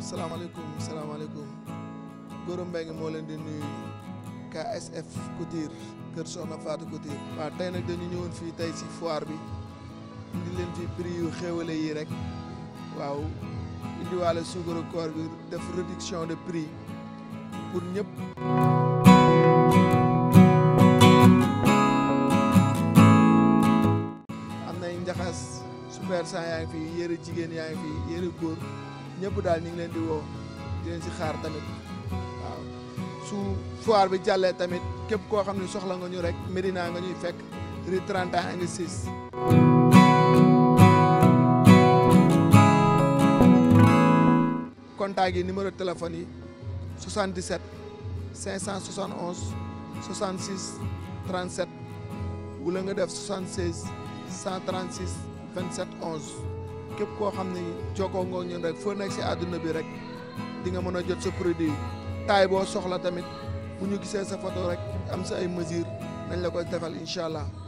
waaw salaamaaleykum salaamaaleykum Gora Mbengue moo leen di nuyu KSF Couture kër Soxna Fatou Couture waaw tey nag dañu ñëwoon fii tey si foire bi indi leen fi prix yu xéwale yi rek waaw indiwaale suukaru koor bi def réduction de prix pour ñëpp am nay njaxas super sant yaa ngi fi yére jigéen yaa ngi fi yére góor ñëpp daal ñu ngi leen di woo di leen xaar tamit waaw su foire bi jàllee tamit képp koo xam ne soxla nga ñu rek Médina nga ñuy fekk rue 30 ans angle 6. yi numéro téléphone yi 77 571 66 37 wala nga def 76 136 képp koo xam ni jokkoo ngoo ñun rek foo nekk si àdduna bi rek di nga mën a jot sa produit taay boo soxla tamit bu ñu gisee sa photo rek am sa ay mesure nañ la ko defal incha allah.